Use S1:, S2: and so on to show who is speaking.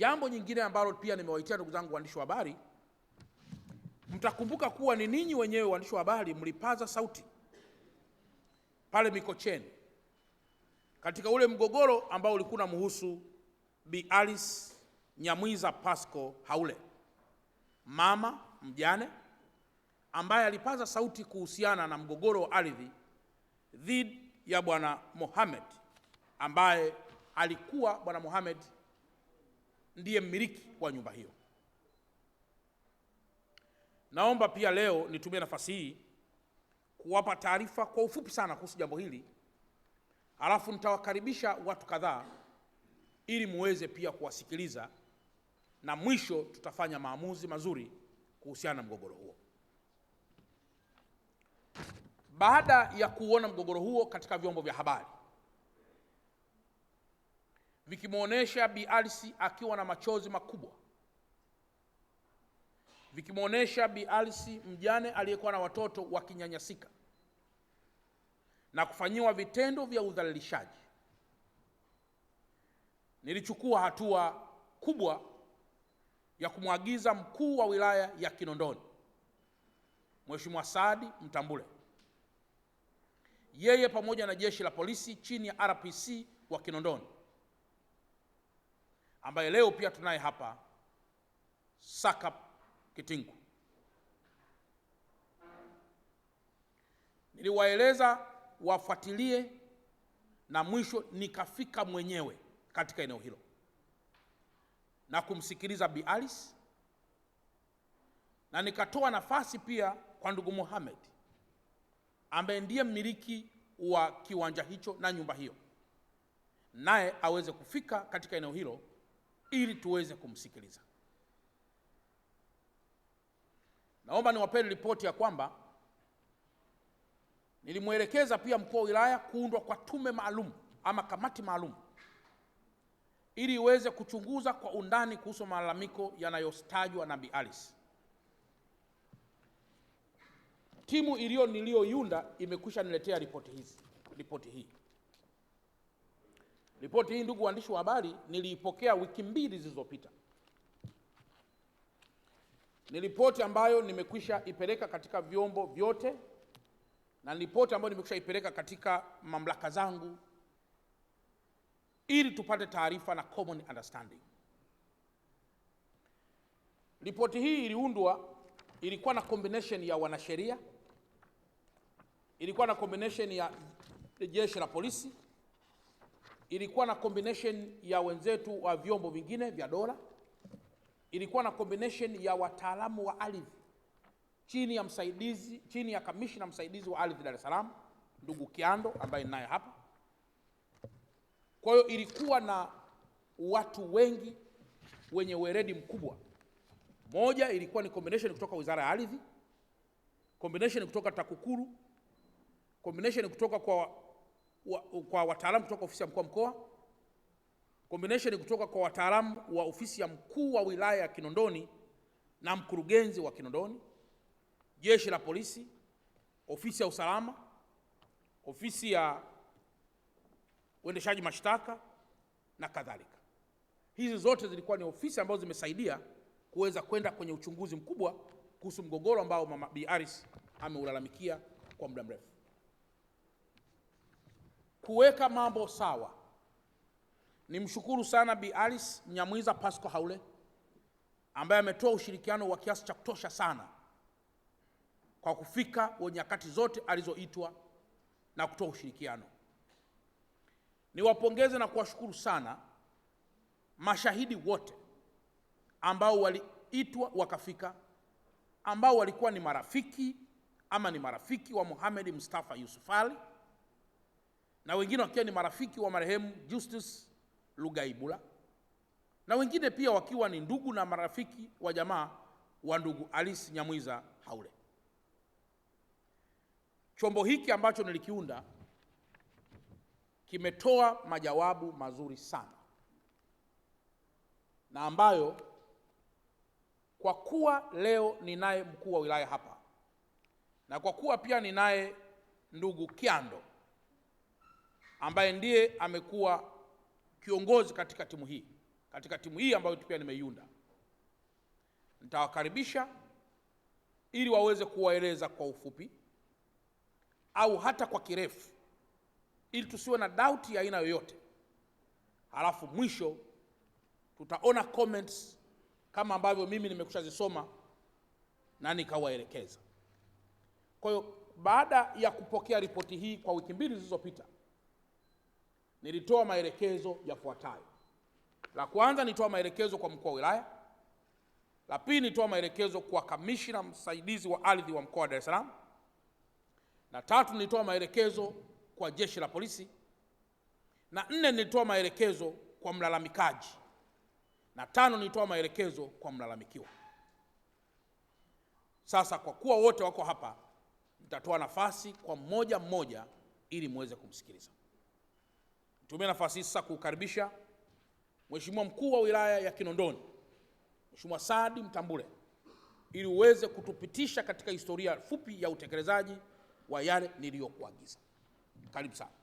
S1: Jambo nyingine ambalo pia nimewaitia ndugu zangu waandishi wa habari, mtakumbuka kuwa ni ninyi wenyewe waandishi wa habari mlipaza sauti pale Mikocheni katika ule mgogoro ambao ulikuwa muhusu Bi Alice Nyamwiza Pasco Haule, mama mjane ambaye alipaza sauti kuhusiana na mgogoro wa ardhi dhidi ya Bwana Mohamed ambaye alikuwa Bwana Mohamed ndiye mmiliki wa nyumba hiyo. Naomba pia leo nitumie nafasi hii kuwapa taarifa kwa ufupi sana kuhusu jambo hili, halafu nitawakaribisha watu kadhaa ili muweze pia kuwasikiliza na mwisho tutafanya maamuzi mazuri kuhusiana na mgogoro huo. Baada ya kuuona mgogoro huo katika vyombo vya habari vikimwonyesha Bi Alice akiwa na machozi makubwa, vikimwonyesha Bi Alice mjane aliyekuwa na watoto wakinyanyasika na kufanyiwa vitendo vya udhalilishaji. Nilichukua hatua kubwa ya kumwagiza mkuu wa wilaya ya Kinondoni Mheshimiwa Saadi Mtambule, yeye pamoja na jeshi la polisi chini ya RPC wa Kinondoni ambaye leo pia tunaye hapa Saka Kitingu. Niliwaeleza wafuatilie na mwisho nikafika mwenyewe katika eneo hilo na kumsikiliza Bi Alice na nikatoa nafasi pia kwa ndugu Mohamed ambaye ndiye mmiliki wa kiwanja hicho na nyumba hiyo, naye aweze kufika katika eneo hilo ili tuweze kumsikiliza. Naomba niwapeni ripoti ya kwamba nilimwelekeza pia mkuu wa wilaya kuundwa kwa tume maalum ama kamati maalum ili iweze kuchunguza kwa undani kuhusu malalamiko yanayostajwa na Bi Alice. Timu iliyo niliyoiunda imekwisha niletea ripoti hizi, ripoti hii. Ripoti hii ndugu waandishi wa habari, niliipokea wiki mbili zilizopita. Ni ripoti ambayo nimekwisha ipeleka katika vyombo vyote na ripoti ambayo nimekwisha ipeleka katika mamlaka zangu ili tupate taarifa na common understanding. Ripoti hii iliundwa, ilikuwa na combination ya wanasheria, ilikuwa na combination ya jeshi la polisi ilikuwa na combination ya wenzetu wa vyombo vingine vya dola, ilikuwa na combination ya wataalamu wa ardhi chini ya msaidizi chini ya kamishna msaidizi wa ardhi Dar es Salaam ndugu Kiando ambaye ninaye hapa. Kwa hiyo ilikuwa na watu wengi wenye weredi mkubwa. Moja ilikuwa ni combination kutoka Wizara ya Ardhi, combination kutoka TAKUKURU, combination kutoka kwa kwa wataalamu kutoka ofisi ya mkuu wa mkoa, combination kutoka kwa wataalamu wa ofisi ya mkuu wa wilaya ya Kinondoni na mkurugenzi wa Kinondoni, jeshi la polisi, ofisi ya usalama, ofisi ya uendeshaji mashtaka na kadhalika. Hizi zote zilikuwa ni ofisi ambazo zimesaidia kuweza kwenda kwenye uchunguzi mkubwa kuhusu mgogoro ambao Mama Bi Aris ameulalamikia kwa muda mrefu kuweka mambo sawa. Nimshukuru sana Bi Alice Nyamwiza Pasco Haule ambaye ametoa ushirikiano wa kiasi cha kutosha sana kwa kufika nyakati zote alizoitwa na kutoa ushirikiano. Niwapongeze na kuwashukuru sana mashahidi wote ambao waliitwa wakafika, ambao walikuwa ni marafiki ama ni marafiki wa Mohamed Mustafa Yusuf Ali na wengine wakiwa ni marafiki wa marehemu Justus Lugaibula na wengine pia wakiwa ni ndugu na marafiki wa jamaa wa ndugu Alice Nyamwiza Haule. Chombo hiki ambacho nilikiunda kimetoa majawabu mazuri sana na ambayo kwa kuwa leo ninaye mkuu wa wilaya hapa na kwa kuwa pia ninaye ndugu Kiando ambaye ndiye amekuwa kiongozi katika timu hii, katika timu hii ambayo pia nimeiunda. Nitawakaribisha ili waweze kuwaeleza kwa ufupi au hata kwa kirefu, ili tusiwe na doubt ya aina yoyote. Halafu mwisho tutaona comments kama ambavyo mimi nimekushazisoma na nikawaelekeza. Kwa hiyo baada ya kupokea ripoti hii kwa wiki mbili zilizopita nilitoa maelekezo yafuatayo. La kwanza, nilitoa maelekezo kwa mkuu wa wilaya. La pili, nilitoa maelekezo kwa kamishina msaidizi wa ardhi wa mkoa wa Dar es Salaam, na tatu, nilitoa maelekezo kwa jeshi la polisi, na nne, nilitoa maelekezo kwa mlalamikaji, na tano, nilitoa maelekezo kwa mlalamikiwa. Sasa kwa kuwa wote wako hapa, nitatoa nafasi kwa mmoja mmoja ili muweze kumsikiliza. Tumia nafasi hii sasa kukaribisha Mheshimiwa mkuu wa wilaya ya Kinondoni, Mheshimiwa Sadi Mtambule, ili uweze kutupitisha katika historia fupi ya utekelezaji wa yale niliyokuagiza. Karibu sana.